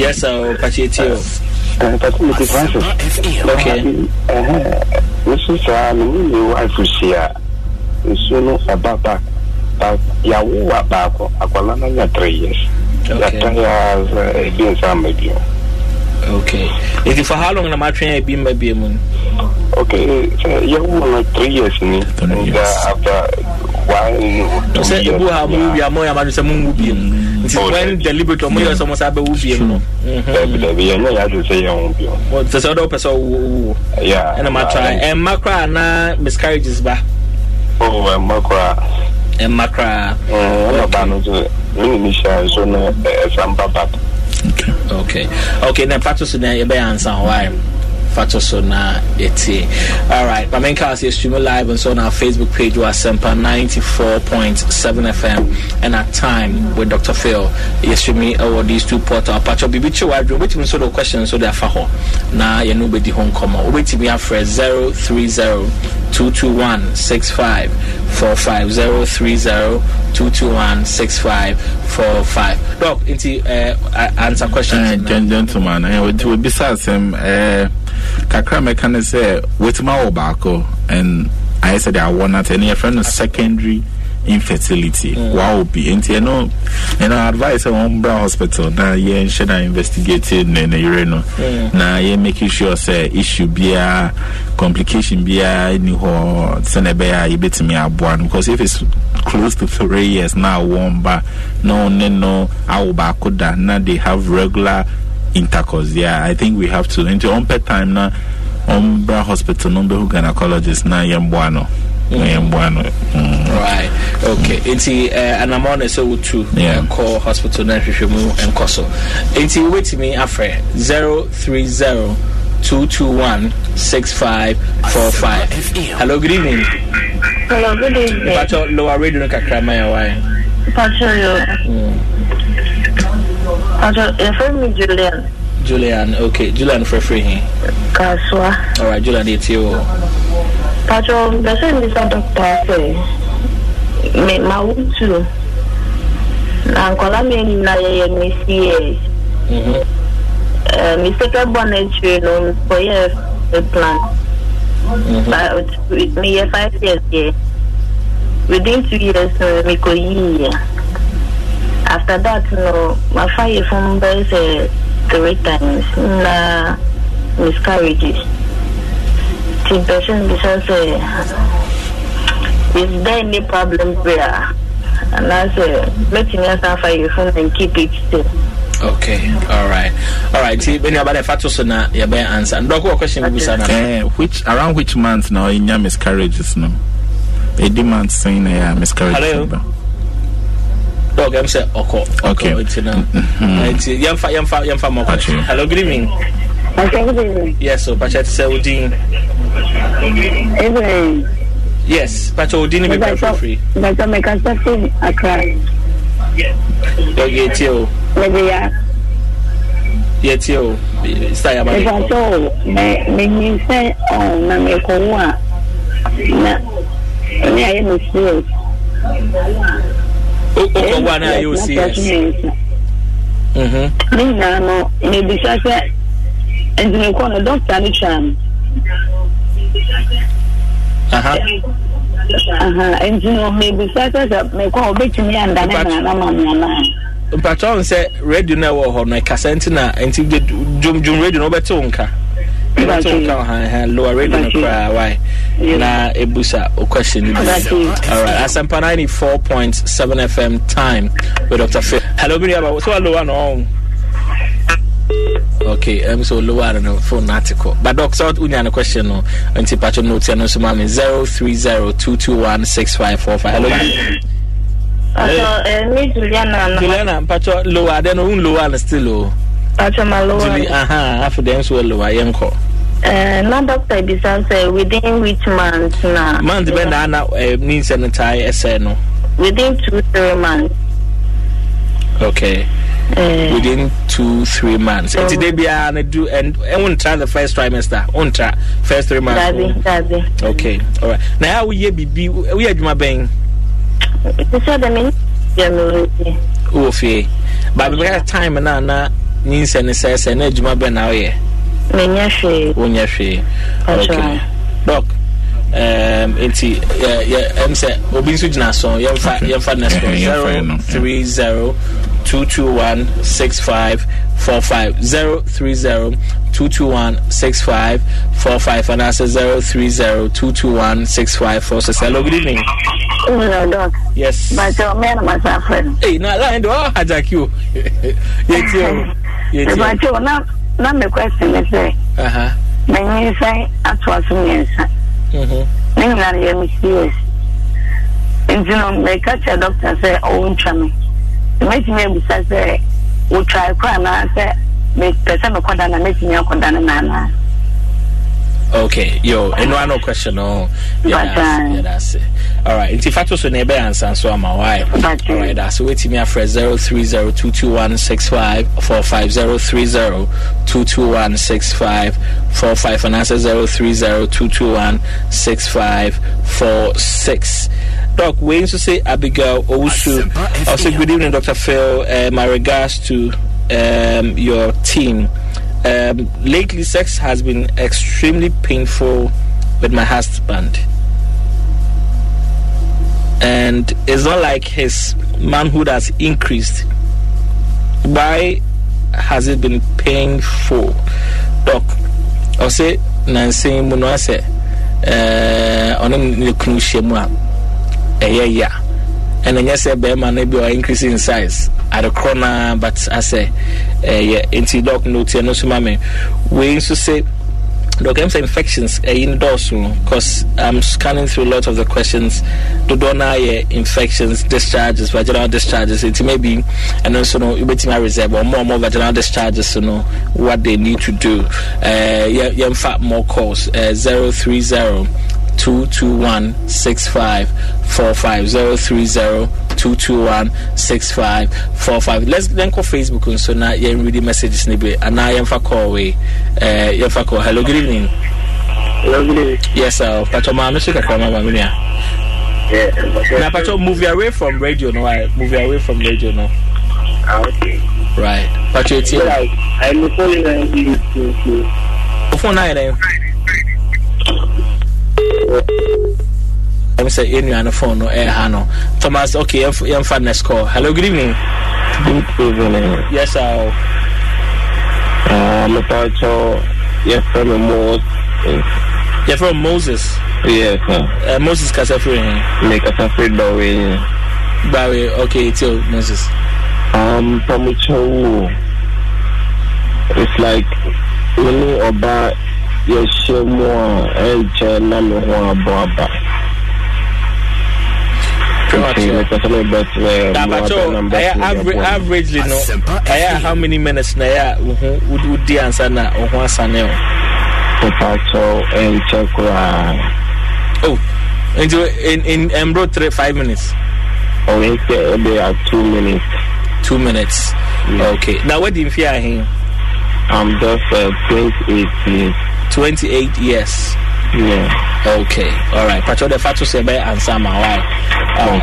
Yes, I'll patch it here. Eh, eh, Patmiti Francis. Okay. Nso saa na mu ne wife si a nsuo no ɛba ba ba yawo wa baako akwala na nya three years. Yata ya ebi nsa ama bi. Okay. Uh, uh, Nti for how long na ma twɛn ebi mba bi mu? Okay, uh, yawo na three years ni. Nga after sɛ ebu ha mo wia mo yɛ amadu sɛ mo biem nti oh, wɔn deliberate ɔmo sɛ ɔmo sɛ abɛ biem no. sɛ yɛn wu sɛ sɛ ɛna ma tra ɛmma koraa miscarriages ba. o oh, koraa. ɛmma koraa. Mm, ɛna ba na ɛsan okay okay na pato so na yɛbɛyɛ ansa hɔ ayɛ All right, so na etie alright mamenka live nso on our facebook page are sempa 94.7 fm ɛna time with dr phil yɛ stream ɛwɔ these two portal apato biribi kye wadwe wobɛtumi nso de wo question nso de afa hɔ na home wobɛdi ho nkɔmmɔ wobɛtumi afrɛ 030 221 65 45 030 221 65 45. Doc, into, uh, eh, answer questions. Uh, eh, gentlemen, uh, eh, be bisa asɛm kakra mɛka ne sɛ wɔtumi awɔ baako oh, and I said I awɔ no ata friend yɛfrɛ secondary infertility mm. wa obi nti ɛno ɛna advice a wɔn bra hospital na yɛn hyɛ na investigate ne ne yere no mm. na yɛn make sure sɛ issue biara complication biara ni hɔ sɛnɛ bɛyɛ a yɛbɛtumi aboa no because if it's close to three years na wɔn ba na ɔne no awo baako da na they have regular intercourse yeah i think we have to nti ɔmpɛ time na ɔmbra hospital no gynecologist na yɛn boa no mboa mm. no mm. right okay nti anamɔ na ɛsɛ wotu kɔ hospital na hwehwɛ mu nkɔ so nti wobɛtumi afrɛ 030 221 6545 hello good evening hello good evening pacho lower radio no kakra ma yɛ pacho yo mm. pacho yɛfrɛ eh, julian julian okay julian frɛfrɛ hi kasoa alright julian yɛtie o. Patron, besendisa doktor se, me mautu, na nkɔla mi nyina yɛyɛ mesie, mesike mm-hmm. eh, bɔ n'ekyir no, mkɔyɛ plan, meyɛ five years yɛ, within two years no, eh, mekɔyiyɛ. After that no, mafa yɛ fun bɛ sɛ three times na miscarriages. nti patient bisa sɛ is there any problem bia anaasɛ mɛtumi asa afa yɛ phone and keep it still Okay, all right, all right. See, when you're about to fatus na your answer. And question we bisa na? Which around which month now in your miscarriages no? Eighty months saying na miscarriages. Hello. Dog, I'm saying okay. Okay. Mm-hmm. Hello, good evening. Yes, so Pacha ti sẹ o Yes, Pacha o din ni bẹbẹ fẹ firi. Bàtà mẹka sẹ fún Accra. Yọ̀gì etí o. Yọ̀gì ya. Yẹ ti o, sita yaba ni. Ìbátọ̀ o, mẹ mẹ nyi sẹ ọ̀hún na mẹ kọ̀ wọ́ a oh, oh, na ní ayé mi serious. O kọ̀ wọ́ a ní ayé o serious. Ní nyinaa no, mẹ bisá sẹ nti mekɔ no dɔkta no twaa no nti no mebisa sɛ sɛ mekɔ wobɛtumi anda ne nana ma me anaa mpakyɛ wo sɛ radio no ɛwɔ hɔ no ɛkasa nti na nti dwomdwom radio no wobɛte wo nka wobɛte wo nka wɔ loa radio no koraa wae na ebusa o question ni bi all Hello, asampa 94.7 fm time with dr phil hello bi ni aba so alowa na ɔn okay um, so lower on the phone article but doc so unya no question no anti patcho note zero zero three two two one six five four five. hello Pacho, uh, uh, me Juliana. Juliana, Pacho, lower, then un lower still low. Pacho, my lower. Juliana, aha, uh-huh, after them so lower, yenko. Uh, na doctor bisa sɛ within which month na. month bɛ na ana ne nsɛm no taa ɛsɛ no. within two three months. okay uh, within two, three months. Um, and today, be and do and I won't try the first trimester, won't try first three months. That's it, that's it. Okay, all right. Now, we be we are my bang. This is the minute. but we have time na na ne nsɛne sɛ sɛ na adwuma bɛ When woyɛ menyɛ hwee wonyɛ hwee okay dɔk um, nti ɛm sɛ obi nso gyina so yɛmfa yɛmfa next one zero three zero 221 6545 030 221 6545 and that's 030 221 Hello, good evening. Hello, Doc. Yes. But your man was friend. Hey, no, I don't attack you. Yes, you. Yes, But you, now, now my question is there. Uh huh. When you say, I was mm-hmm. a man. Mm hmm. Then you are a mysterious. Nti no, mɛka kyerɛ dɔkta sɛ ɔwo ntwa me mɛtumi abusa sɛ wotwae kɔ anaa sɛ mepɛ sɛ mekɔda na mɛtumi akɔda no naanaa okay yo ɛno ano question no yɛdase uh, alright nti fa to so na ɛbɛyɛ ansa nso ama wae alright ase wetumi afrɛ 0302216545 0302216545 anaasɛ 0302216546 Doc, we to say Abigail Owusu. say good evening, Dr. Phil. Uh, my regards to um, your team. Um, lately, sex has been extremely painful with my husband. And it's not like his manhood has increased. Why has it been painful? Doc, I'll say, Nancy Munwase, uh, on a ɛyɛ ya ɛna nyɛ sɛ bɛrima no bi ɔ increase in size adekorɔ naa but asɛ ɛyɛ nti dɔk no tiɛ no so ma me wei nso sɛ dɔk ɛm sɛ infections ɛyi no dɔɔso no cause i'm scanning through a lot of the questions dodoɔ naa yɛ infections discharges vaginal discharges nti maybe ɛno nso no wobɛtumi areserve ɔmo ɔmo vaginal discharges no what they need to do In yɛmfa more calls uh, 030 two two one six five four five zero three zero two two one six five four five. Let's then call Facebook and so now you read messages nibi and now you call away. Uh, you call. Hello, good evening. good evening. Yes, sir. Pacho ma you. shika kama ba minia. Na pacho move away from radio no. Move away from radio no. Ah, okay. Right. Pacho it's here. I'm calling you. Phone nine. I'm saying in your phone or air eh, Hano. Thomas, okay, I'm fine. next call. Hello, good evening. Good evening. Yes, sir. Uh, I'm a pastor. Yes, from Moses. Yeah, from Moses? Yes, sir. Uh, Moses Kasafri. Make us afraid by way. By way, okay, it's your Moses. Um, from It's like, you know, about yɛhyɛ mu a ɛnkyɛ na me ho abɔ aba averagely no ɛyɛ how many minutes na ɛyɛ a wo ho wodi ansa na wo ho asane o papakyɛw ɛnkyɛ koraa oh nti in in ɛmbro three five minutes ɔyɛ sɛ ɛbɛyɛ two minutes two minutes yeah. okay na wadi mfe ahen I'm just uh, 28 years 28 years. Yeah. Okay, all right. Patrol the say by answer my why. Um,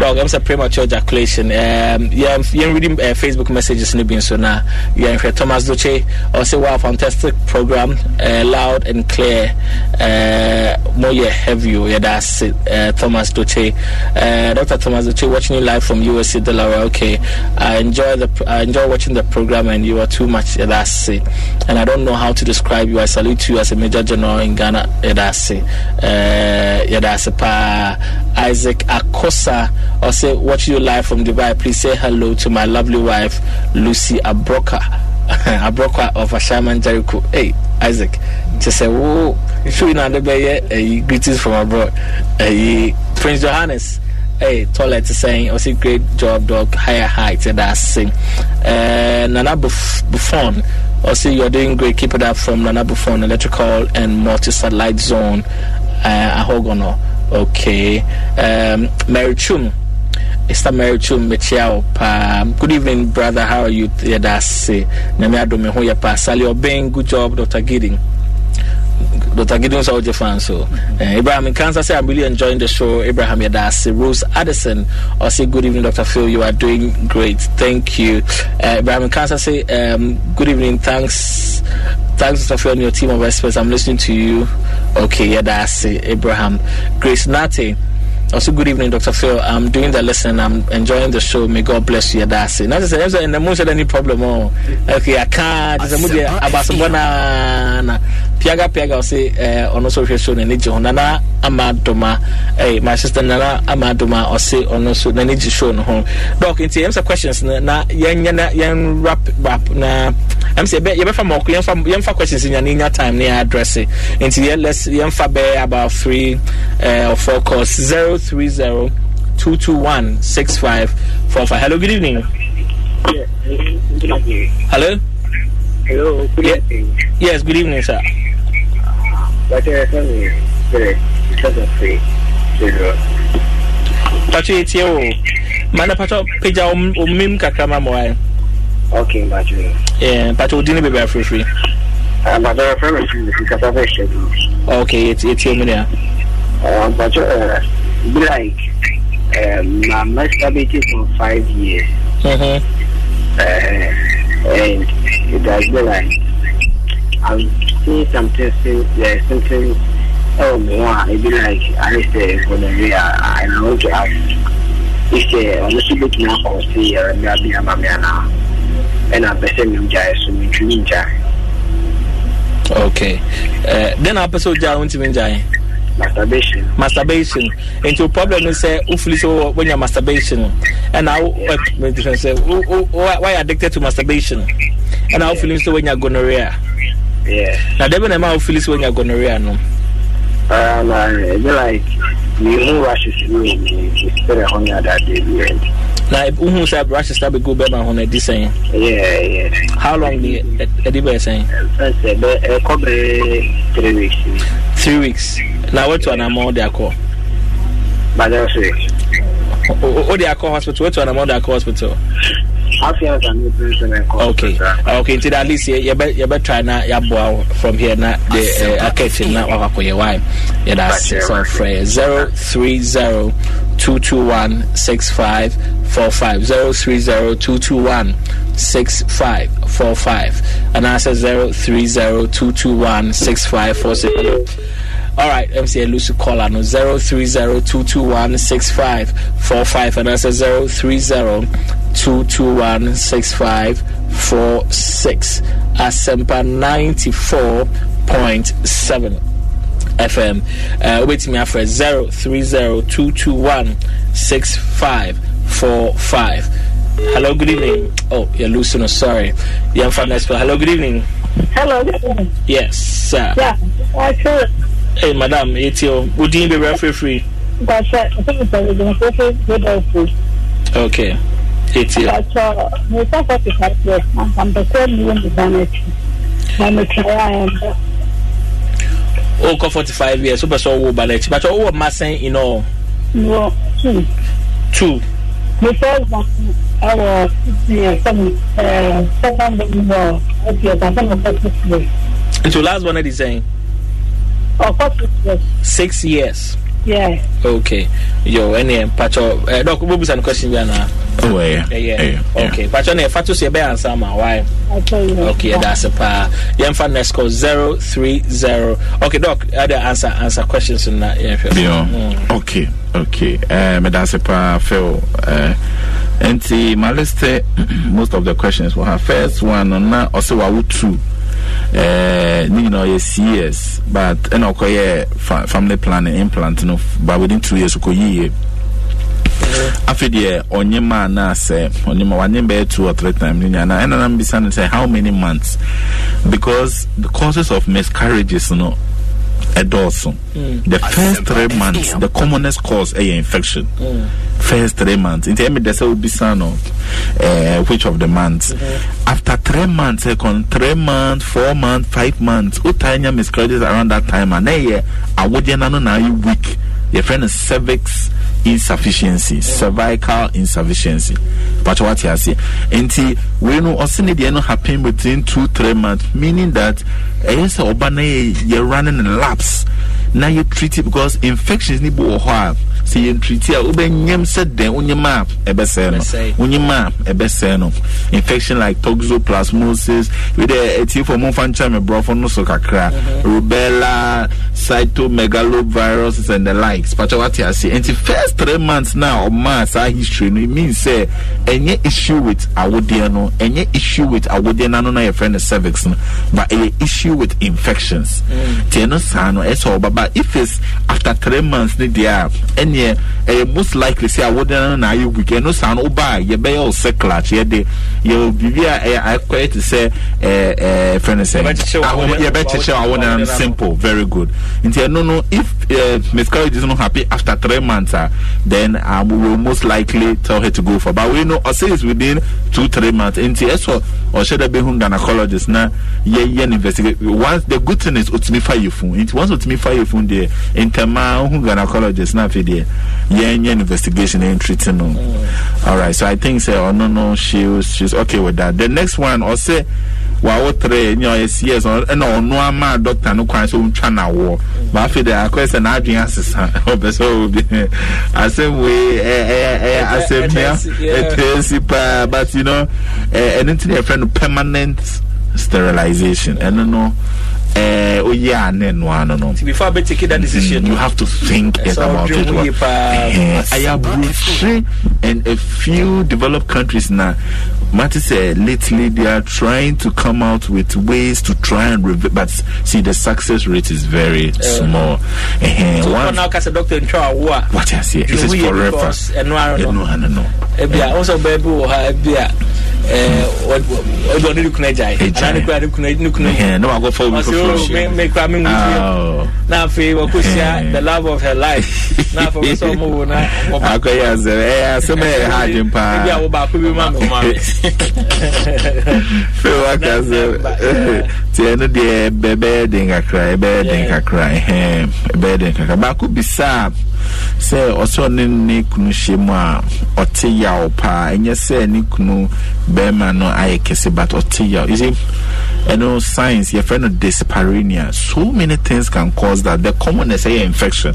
dog, I'm a premature ejaculation. Um, yeah, you're reading uh, Facebook messages in the so now. Yeah, Thomas Duce, also wow, fantastic program, uh, loud and clear. Uh, more yeah, heavy. Yeah, that's it. Uh, Thomas Duce, uh, Doctor Thomas Duce, watching you live from USC Delaware. Okay, I enjoy the I enjoy watching the program, and you are too much. Yeah, that's it. And I don't know how to describe you. I salute you as a major general in Ghana. Yeah, that's it. uh, eh, yɛda ase paa isaac akosa ɔsɛ watch you live from dubai please say hello to my lovely wife lucy abroka abroka of ashaman jericho hey isaac kyɛ sɛ wo show na de bɛyɛ ayi greetings from abroad ayi eh, prince johannes hey, toilet saying, I oh, also great job, dog, higher height, that's same. Uh, Nana Buffon, Also, you're doing great. Keep it up from Buffon, Electrical and Multi Satellite Zone. Uh, Ahogono. Okay. Um, Mary Chum. Mr. Mary Chum um, Good evening, brother. How are you? Yeah, that's it. Namiado Mehoya Pa. Sally Good job, Dr. Gidding. Dr. Gideon Saoje fan so. Uh, eh, Abraham in Kansas say I'm really enjoying the show. Abraham Yadasi, Rose Addison, or say good evening, Dr. Phil. You are doing great. Thank you. Uh, Abraham in Kansas say um, good evening. Thanks, thanks, Dr. Phil, and your team of experts. I'm listening to you. Okay, Yadasi, Abraham, Grace Nate. Also, good evening, Dr. Phil. I'm doing the lesson. I'm enjoying the show. May God bless you. I'm Not just and the most any problem. Oh, okay. I can't. About some piaga piaga ɔsɛ ɛɛ ɔno nso hwɛ so n'ani gye ho nana ama adoma ɛɛ eh, my sister nana ama adoma ɔsɛ ɔno nso n'ani gye show no ho dɔk nti yɛn sɛ questions na na yɛn nyɛ na yɛn wrap wrap na ɛm sɛ yɛbɛ yɛbɛfa mɔko yɛn fa yɛn fa questions nya ne nya time ne yɛ nti yɛ less yɛn fa bɛɛ about three ɛɛ eh, or four calls zero three zero two two one six five four five hello good evening. Yeah. hello. hello good yeah. yes good evening sir. Pacho etie o. Mana pacho peja omim um, kakra ma mo ayo. Okay, pacho. Eh, pacho odini bebe afro free. Ah, pacho afro free fi kata fe se. Okay, etie etie mo ne a. Ah, pacho eh like eh na masturbating for 5 years. Mhm. Uh-huh. Eh, and it has been like I'm see there are some things. oh more It'd be like at least uh, for the year I want to ask if they are also looking out for see uh maybe I'm a man and I'm going a same guy so we dream guy. Okay. Then I'm going Uh, then I person jai won't even jai. Masturbation. Masturbation. Into problem is say eh, hopefully so when you're masturbation and now yeah. uh, say why, you addicted to masturbation and how yeah. feeling so when you're gonorrhea. na debe na ma wo feelings when you no ah na e be like you who rushes on that day na say be ho na di sen yeah yeah how long the e di be sen eh, eh, eh, weeks Three weeks na what one am all there call o akọ hospital what one am all hospital okay okay nti at least yɛbɛ yɛbɛ try na yaboa wo from here na de eh, akɛti na wakakɔ yɛ wae yɛda ase sɛ ɔfrɛ zero three zero two two one six five four five zero three zero two two one six five four five and answer zero three zero two two one six five four six. All right, MC Lucy caller no zero three zero two two one six five four five and answer said zero three zero 2216546 asempa 94.7 fm uh, me for 0302216545 hello good evening oh you're losing no sorry yeah from next hello good evening hello good evening. yes sir yeah i sure hey madam it's your would you be referee free that's i think it's okay eighty. Ọ̀chọ́ mi sọ forty five years na mpàmpẹ́sẹ́ mi yé mi dáná ẹ̀kí na mi tẹ̀ ẹ́ ayé mbẹ́. O kọ forty five years o bẹ sọ wo bana ẹ̀kí bàtọ́ o wọ masin iná o. Wọ two. Two. Mi fẹ́ gbà ẹ wọ ẹ sẹ́mi ẹ sẹ́kọ̀ndì mi wọ ẹ ti ẹ̀ka sẹ́mi fẹ́ six years. Nti o last one ẹ di sẹ́yìn. Ọ̀kọ́ six years. Six years. Yes. Okay. Yo, any pacho eh, doc bubu san question bi ana. Oh yeah. yeah. Okay. Pacho na fato se be answer ma why? Okay. Okay, yeah. that's a pa. Yem fa next call 030. Okay, doc, other answer answer questions na yeah. Mm. Okay. Okay. Eh, me that's a pa fail eh and see eh, most of the questions were her first one on na also wa true. Eh, ne nyinaa ɔyɛ cs but ɛna ɔkɔyɛ family planning implant no ba within two years ɔkɔyiyie afei deɛ ɔnye maa naa sɛ ɔnye maa wanye bɛyɛ two or three times ne nyinaa ɛna nam bisa no sɛ how many months because the causes of miscarriages no ɛdɔɔso mm. the first three months the commonest cause ɛyɛ eh, infection mm. first three months nti ɛmi dɛ sɛ obisa no eh, which of the months mm-hmm. after three months second three months four months five months o taa nya miscarriages around that time and ɛyɛ awogye nanu na ayi weak yɛ fɛ no cervix insufficiency cervical insufficiency But what wá ti ase nti wei no ɔsi ne deɛ no happen between two three months meaning that ɛyɛ sɛ ɔba na yɛ yɛ running laps na yɛ treat it because infections ni bi wɔ hɔ a sɛ yɛ treat a wobɛnyɛm sɛ dɛn wonyɛm a ɛbɛsɛɛ no wonyɛm a ɛbɛsɛɛ no infection like toxoplasmosis wei dɛ etie fɔ mo nfa nkyɛn mi borɔfo no so kakra mm-hmm. rubella cytomegaloviruses and the likes pàtó wàtí ase nti first three months na ọmọ àṣà history no it means sẹ eh, ẹnyẹ issue with awodeɛ no ẹnyẹ issue with awodeɛ nanu na yɛ fɛ no cervix no but ɛyɛ issue with infections mm. tiɛ no saa no ɛsɛ ɔbaba if it's after three months ni deɛ ɛnyɛ ɛyɛ most likely say awodeɛ nanu na ayɛ weak ɛno saa no ɔbaa yɛbɛyɛ ɔsɛ clutch yɛde yɛ biribi a ɛyɛ akɔyɛ te sɛ ɛɛ ɛɛ fɛ no sɛ yɛbɛkyekyɛ awodeɛ nanu simple very good nti ɛno no if uh, eh, miscarriages no happy after three months uh, then um, we will most likely tell her to go for but we know ɔsɛ is within two three months nti ɛsɔ ɔhyɛ dɛ bɛhu gynecologist na yɛyɛ no investigate once the good thing is otumi fa yɛ fun nti once otumi fa yɛ fun deɛ ntɛmaa ohu gynecologist na afei deɛ yɛnyɛ investigation and treating no mm. alright so i think say, ɔno no she she's okay with that the next one ɔsɛ wawotere nye ɔyɛ cs ɛna e ɔno ama dɔkta no kwan sɛ ɔntwa no awoɔ de akɔɛ sɛ n'adwene asesa ɔpɛ sɛ obi asɛm wei ɛyɛ asɛm ɛtɛɛsi paa but you know ɛno e, e nti na yɛfrɛ no permanent sterilization ɛno no uh, oh yeah, and then one, no, no. Before I take that decision, mm-hmm. you have to think eh, yes, about it. Well. Uh, I have and a few developed countries now. Mati said lately they are trying to come out with ways to try and rev- but see the success rate is very uh, small. Uh, so one, now, cause doctor in What I see, this is for reference. Eh, eh, no, no, no, no. no. Ebia, also baby, ebia. ọdọ ní nìkúnẹ jà yìí àná nìkúnẹ nìkúnẹ nìkúnẹ yìí náà wà kó fọwọ́ mi fọwọ́ mi ọsẹ mi kura mi wù yìí náà fẹ wà kó ṣíà the love of her life náà fọwọ́ sọ ọmọ wò náà. akọ̀yà sẹ́wọ̀n ẹ̀ ẹ́ sẹ́wọ̀n ẹ̀ ha jẹ́ pa. ebi àwọn baako bi Foi uma casa. nti ɛno deɛ ɛbɛyɛ den kakra ɛbɛyɛ den kakra ɛhɛn ɛbɛyɛ den kakra baako bisaa sɛ ɔsɛ ɔne ne kunu hyɛ mu a ɔte yaw paa ɛnyɛ sɛ ne kunu bɛrima no ayɛ kɛse but ɔte yaw isi ɛno science yɛfrɛ no dyspareunia so many things can cause that the commonest ɛyɛ infection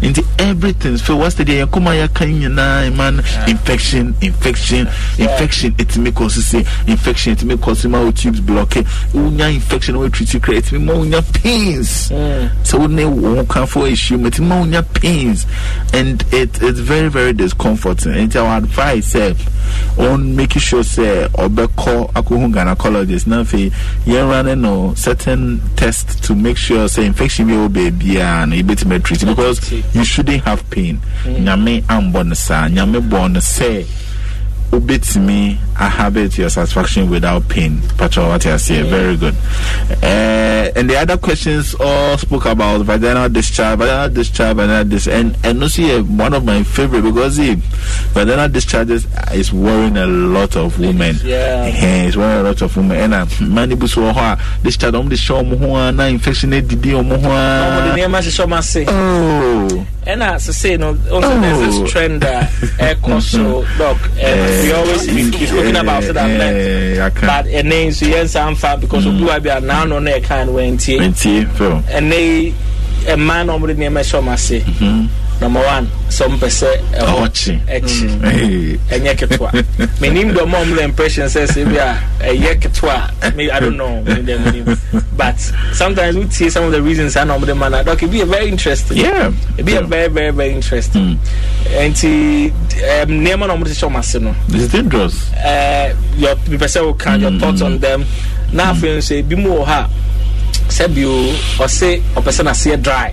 nti everything fɛ wɔsɛ deɛ yɛkɔma yɛaka nyinaa ɛma infection infection infection ɛtumi kɔsi se infection ɛtumi kɔsi ma o tubes block wonya infection infection wey treat you kra ɛtumi ma pains mm. so we need wo ho for ahyia mu ɛtumi ma pains and it, it's very very discomforting And our advice sɛ on making sure say, sɛ ɔbɛkɔ akɔhu colleges. Now, afei you ne no certain test to make sure say, infection bi ɛwɔ baabiaa na yɛbɛtumi atreat because you shouldn't have pain mm. nyame ambɔ no saa nyame bɔ no sɛ wobɛtumi A habit your satisfaction without pain. Patrol, what you say, yeah. very good. Uh, and the other questions all spoke about vaginal discharge, vaginal discharge, vaginal discharge. And, and you see, uh, one of my favorite because see, vaginal discharges is worrying a lot of women. Yeah, yeah it's worrying a lot of women. And uh, many busuwa who discharge on the show, na infection, did on Oh, and as uh, I say, no, also oh. there's this oh. trend that uh, air so, doc, and we eh. always talking about so that meant but ɛnɛ nso yɛn nsa nfa because obi wa bi a n'ano na ɛka no wɛn tie ɛnɛ ɛman na ɔmo de nneɛma ɛhyɛ ɔmo ase number one some mpɛ sɛ eh, ɛhɔ ɛkyi mm. mm. ɛnyɛ ketewa menim dɔ ma ɔmde impression sɛ sɛ bi a ɛyɛ ketewa i don't know but sometimes we see some of the reasons ana ɔmde ma no dɔk ebi yɛ very interesting yeah. ebi yɛ very very very interesting ɛnti mm. nneɛma na ɔmde hyɛ ɔm ase no it's dangerous mepɛ eh, sɛ woka your thoughts on them na afei nso ebi mu wɔ hɔ a sɛ ɔse ɔpɛ sɛ naseɛ dry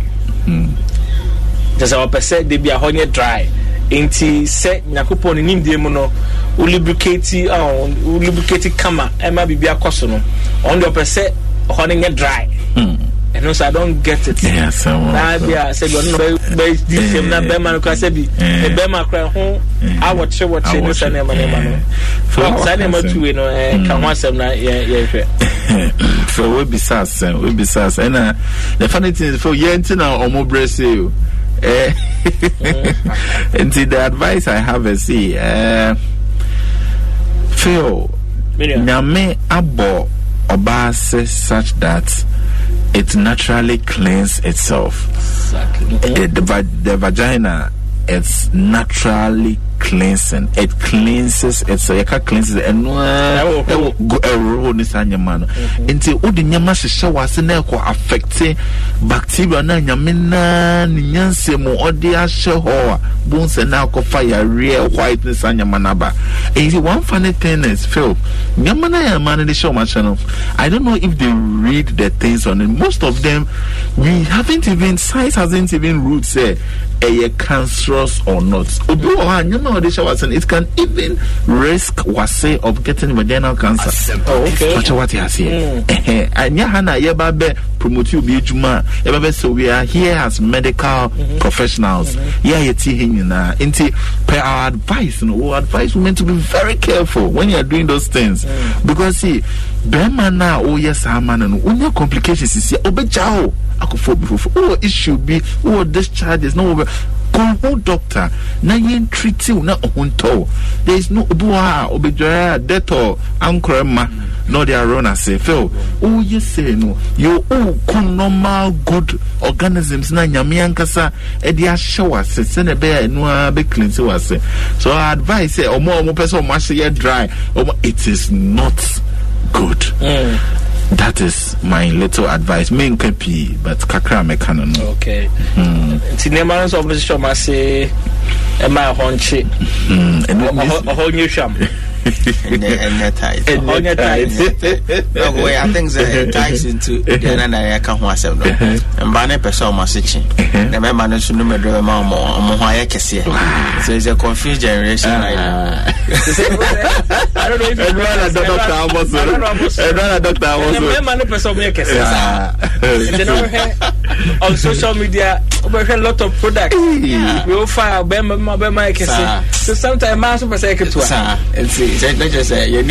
kyɛ sɛ ɔpɛ sɛ debi a hɔ nyɛ dry nti sɛ nyankopɔn ne nimdeɛ mu no wolubricate wolubricate kama ɛma biribi akɔ so no ɔno deɛ ɔpɛ sɛ hɔ no nyɛ dry hmm. ɛno so i don't get it naa bi a sɛbi ɔno na bɛ di nsɛm eh, na bɛrima no kora sɛbi eh. ne bɛrima kora ho eh. awɔkye wɔkye ne saa nneɛma nneɛma no saa nneɛma tuwe no ɛɛ ka ho asɛm na yɛ yɛhwɛ. fɛ webisa asɛm webisa asɛm ɛna the funny thing is fɛ yɛn na ɔmo brɛ se o. Eh. and see, the advice I have is see, uh, Phil, Nyame abo such that it naturally cleans itself. Exactly. the, the, the vagina, it's naturally cleansing. It cleanses. It's a yaka cleanses. Ɛno ɛwɔ ne saa nyama no. Mhm. Nti o de nyama hyehyɛ wase na ɛkɔ affecte bacteria na nyame naa ne nyansa mu ɔde ahyɛ hɔ a bones na akɔ yareɛ white ne saa nyama na ba. Nti one funny thing is Phil, nyama na nyama no de hyɛ ɔmo ahyɛ no. I don't know if they read the things on it. Most of them, we haven't even size hasn't even ruled say ɛyɛ cancerous or not. Obi wɔ hɔ a nyama it can even risk wase of getting vaginal cancer. Oh, okay. But what you are say? And Hana yeba be promote you be juma. Yeba be so we are here as medical mm-hmm. professionals. Mm-hmm. Yeah, you see him na. Into, per our advice, know we advise women to be very careful when you are doing those things mm. because see, man now. oh yes, ah, man, and when complications is here, could fall before, oh issue oh, be, oh discharges, no kɔnho doctor na yɛn treat wo na ɔho there is no obi hɔ a obedware a detɔ ankorɛ ma na ɔde arɔ no ase fɛl woyɛ sɛ no yɛ wokɔ normal good organisms na nyame ankasa ɛde ahyɛ wo ase sɛne ɛbɛyɛ ɛno a bɛklinse wo ase so advice sɛ ɔmo a ɔmo pɛ sɛ ɔmo ahyɛ yɛ dry ɔmo it is not good mm that is my little advice main kapi but kakra meka no no okay nti nneɛma no sɛ ɔmo sɛ ɔmo ase ɛma ɛhɔ nkye ɛhɔ nyɛ hwam and, the, and the ties. And the ties. no, way, I think the uh-huh. ties into uh-huh. the other area can was a uh-huh. no. And by the person, my sitching. The member knows to number the mamma or Mohaya Cassia. So it's a confused generation right now. I don't know if you run a doctor. I was a run a doctor. I was a member person. On social media, we have a lot of products. We offer Bema Bema Cassia. So sometimes, I'm also a second to her kyerɛkyerɛ yɛ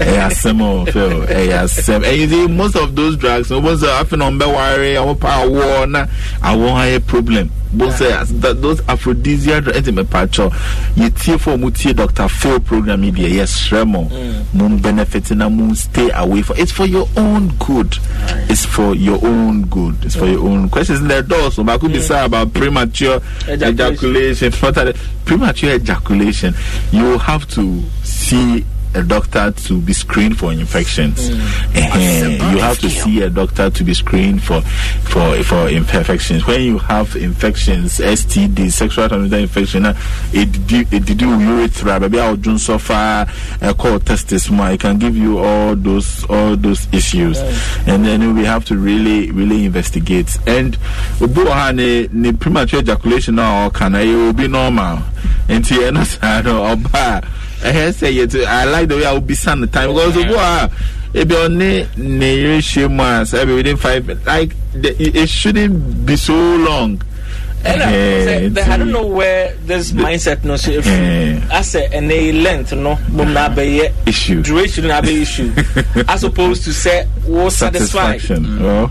ɛyɛ asɛm o fɛl ɛyɛ asɛm ɛyɛ di most of those drugs no wɔn sɛ afei na wɔn bɛ ware ɔmo pa awɔ na awɔ have a problem bó sẹ uh, those aphrodisiac drugs ẹsẹ mẹpa atwọ yẹ tie fún ọmọ tie dr phil program yìí deɛ eh, yɛ srɛ mo mo mm. n benefit na mo n stay away from it's for your own good right. it's for your own good it's for your own questions ndẹ dɔɔso baako bi sa about premature ejaculation, ejaculation. premature ejaculation you have to see a doctor to be screened for infections. Mm. you have to see a doctor to be screened for for for imperfections. When you have infections, STD, sexual transmitted infection, it it did you urethra, maybe I'll do so far a call testis more. It can give you all those all those issues, and then we have to really really investigate. And the premature ejaculation now can I will be normal. And you know, ɛhɛ sɛ yɛtu i like the way i will be the time because obu a ebi ɔne ne yere hyɛ mu a sɛ ebi within five like the, it shouldn't be so long. Yeah, I don't know where this mindset no so if as a and they length no but not be issue duration not be issue as opposed to say was satisfied. Mm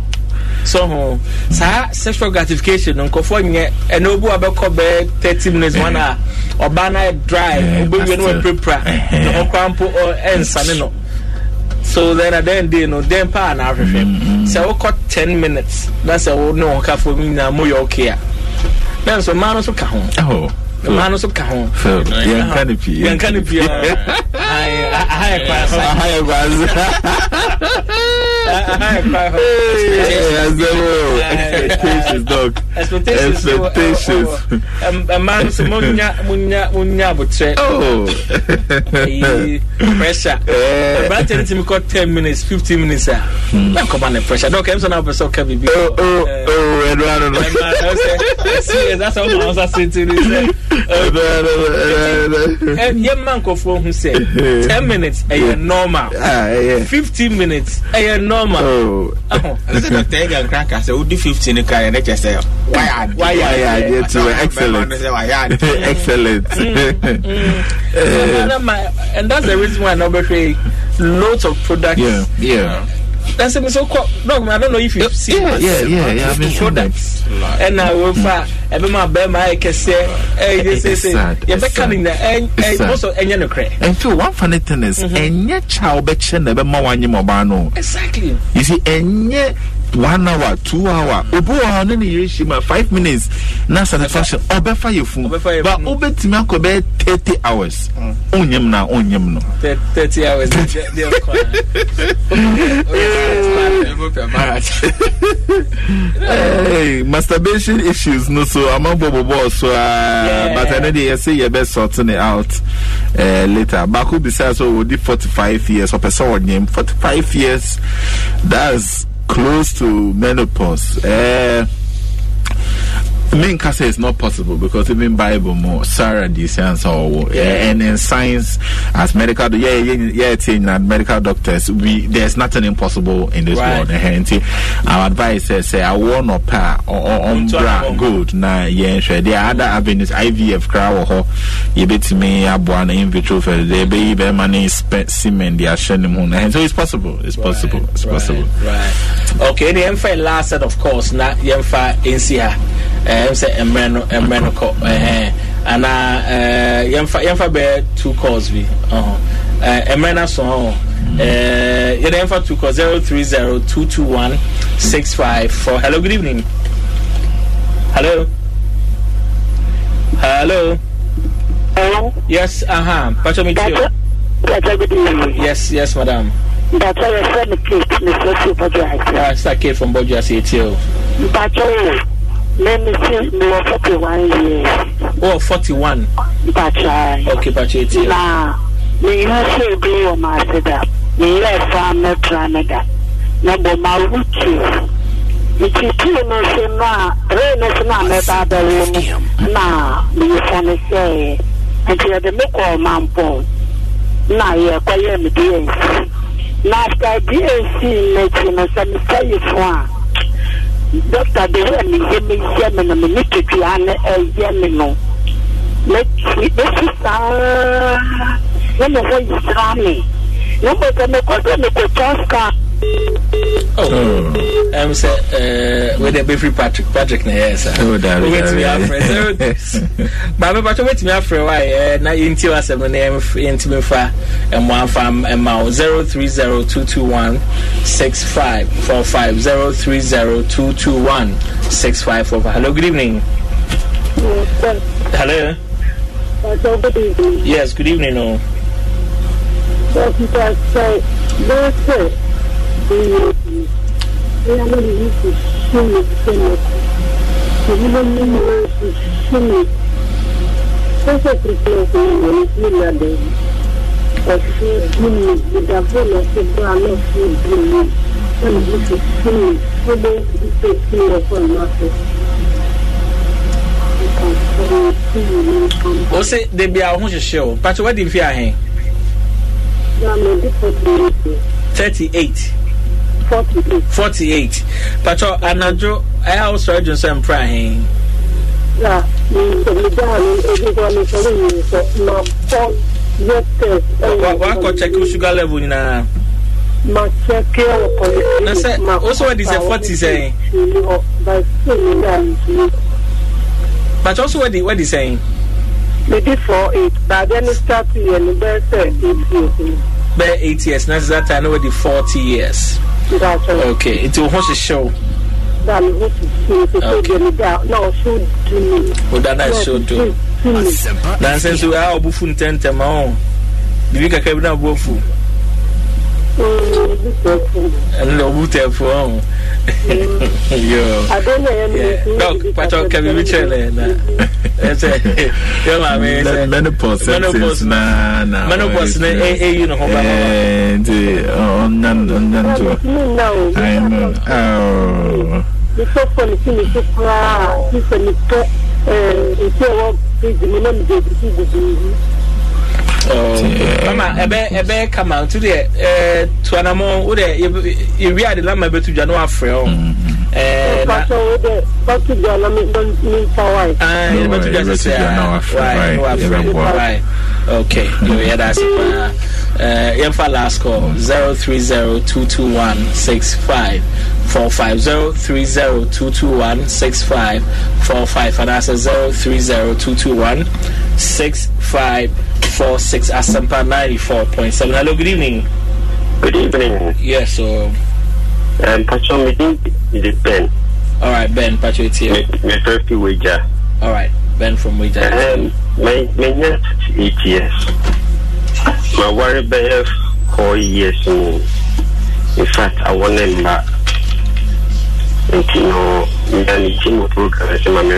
so ho saa sexual gratification no nkɔfoɔ nyɛ ɛna obu abɛkɔ bɛɛ thirty minutes one a ɔbaa na yɛ dry obewie no wɔ prepra na ɔkora mpo ɛnsane no so then at the end day no den paa na ahwehwɛ sɛ wokɔ ten minutes na sɛ wo ne wɔn kafoɔ mi nyinaa mo yɛ okay a na nso mmaa no nso ka ho mmaa no nso ka ho yɛnka ne pii yɛnka ne pii aha yɛ kwaasa aha kwaasa expectations dog expectations mmaa nso mo nya mo nya mo nya abotire oh. pressure aberante ne ti mi kɔ ten minutes fifteen minutes a na nkɔma ne pressure dɔw kɛmɛ sɛ na apɛsɛ ɔka bibi ɛnu ano no serious that's all my eh, eh, answer say to me sɛ yɛ mma ten minutes ɛyɛ eh, normal ah, fifteen minutes ɛyɛ normal normal. ɛsɛ dɔkita yɛ gankran ka sɛ wodi fifty fifteen kan yɛ ne kyɛ sɛ wayɛ adi wayɛ adi etu excellent excellent. Mm, mm. and that's the reason why na ɔbɛhwɛ lots of products. Yeah, yeah that's a so called dog. I don't know if you've seen yeah, yeah, yeah, yeah, I've been sure that. And I will far every man bear my case. Hey, this is it. You're becoming the end also and you're crack. And two, one funny thing is, and mm-hmm. yet child betchen never more one you mobile. Exactly. You see, and one hour two hour obi wɔ ha ne ne yɛ ehyia mu five minutes na satisfaction ɔbɛfa yɛ fun ba obetumi akɔ bɛyɛ thirty hours mm. onyem na onyem no. thirty hours de ɔkɔ masturbation issues no so amanbɔ bɔbɔ ɔso aa but ɛne de yɛsɛ yɛbɛ sort ne out uh, later baako bisa so wɔdi forty five years ɔpɛ sɛ ɔnyem forty five years that's. close to menopause. Uh, Minka says is not possible because even Bible more Sarah this and so and in science as medical yeah yeah yeah thing and medical doctors we there's nothing impossible in this right. world. Eh, eh, our advice is say I want a pair or umbra good na yeah sure. There other avenues IVF crowd or you bet me abuan in vitro for the baby money semen they are shining moon and so it's possible. It's possible. It's right. possible. Right. Okay, the MFA last set of course na MFA NCR ɛhɛm eh, sɛ mmerɛ no mmerɛ no kɔ ɛhɛn eh, anaa ɛɛ eh, yɛmfa yɛmfa bɛyɛ two calls bi ɔhɔn ɛɛ mmerɛ no aso hɔn yɛde yɛmfa two calls zero three zero two two one six five four hello good evening hello hello. yes aha pàtó mi tí o. pàtó mi tí yes yes madam. pàtó yẹ fẹ́ mi kate mi fẹ́ fi bọ́jú àti. ah sir kate from bọ́jú àti etí o. pàtó Maybe since we were 41 years. Oh, 41? Bachai. Okay, ok it's here. Na, me ihe se ebi o ma se da. Me fa da. Na bo ma wutu. Nti tu no se a re no se na me ba ndị re mu. Na, me ya Na Na after ti dɔkta de yɛ mi yɛ mi yɛ mi na mi ni tutua ne ɛyɛ mi no mɛ ti mɛ ti saa ne mi hɔ yi sira mi ne mo sɛ mɛ kɔ sɛ mɛ kɔ tɔ sika. Oh, oh. I'm um, say, uh, with a baby Patrick, Patrick, na yes, sir. Oh, that is. Wait, me after. Oh, but I'm about to wait to me after why, now you into us, I'm name into me fa, and one farm and mouth 0302216545030221654. Hello, good evening. Hello. Good evening. Yes, good evening. Oh. lórí ọkùnrin bóyá lórí yìí kò ṣe ìṣe fi ọkùnrin rẹ̀ ní sí ìlànà ọ̀ṣun ìbímọ o se debi a ho o pati wadi mfi ahe. thirty eight. 48. 48. Pacho, Anajo, I have surgeon some praying. Now, you can be down, everyone is a little bit more. Wakɔ check sugar level nyinaa. Ma check yɛ wɔ kɔlɛ. Na sɛ o sɔ de sɛ forty sɛn. Bàtɛ o sɔ wɔ de wɔ de sɛn. Maybe four eight, but then it start yɛ ni bɛ sɛ eight years. Bɛ eight years, na sisan ta ne wɔ de forty years. Okay, nti wo ho hyehyɛ wo. Oda na ɛhyɛ do. Nansa nso a ɔbufu ntɛntɛm a ɔ. Biribi kakra bi na ɔbu afu ẹnlẹ ọmú tẹ fún ọhún dọk pàtó kẹbi mi kyerẹ lẹ na ẹsẹ yọ maa mi menopause menopause na na menopause na e eyi ne ho ba ma ẹẹ nti ọnyan ọnyan tó ayi nù ọọ. nípa mama ɛbɛ ɛbɛ kama ntu deɛ ɛɛ eh, tuanamɔ o de ewi adi lama bɛ tu dwa no afrɛ o. ɛɛ mm-hmm. eh, na pàṣẹ o de bɛ tu dwa na mi mi nfa wa yi. ɛɛ bɛ tu dwa sɛ sɛ ɛɛ wa yi wa yi ok yɛ da se paa. Uh, yɛmfa last call 0302216545 0302216545 a 0302216546 asɛmpa 94.7 hello good evening good evening yes so um, Pacho, my name is Ben. All right, Ben, Pacho, it's here. My first wager. All right, Ben from Wager. Um, my, my next eight years. ma worry bɛyɛ four years in, in fact I want them nti no meda ne tim program sɛ ma me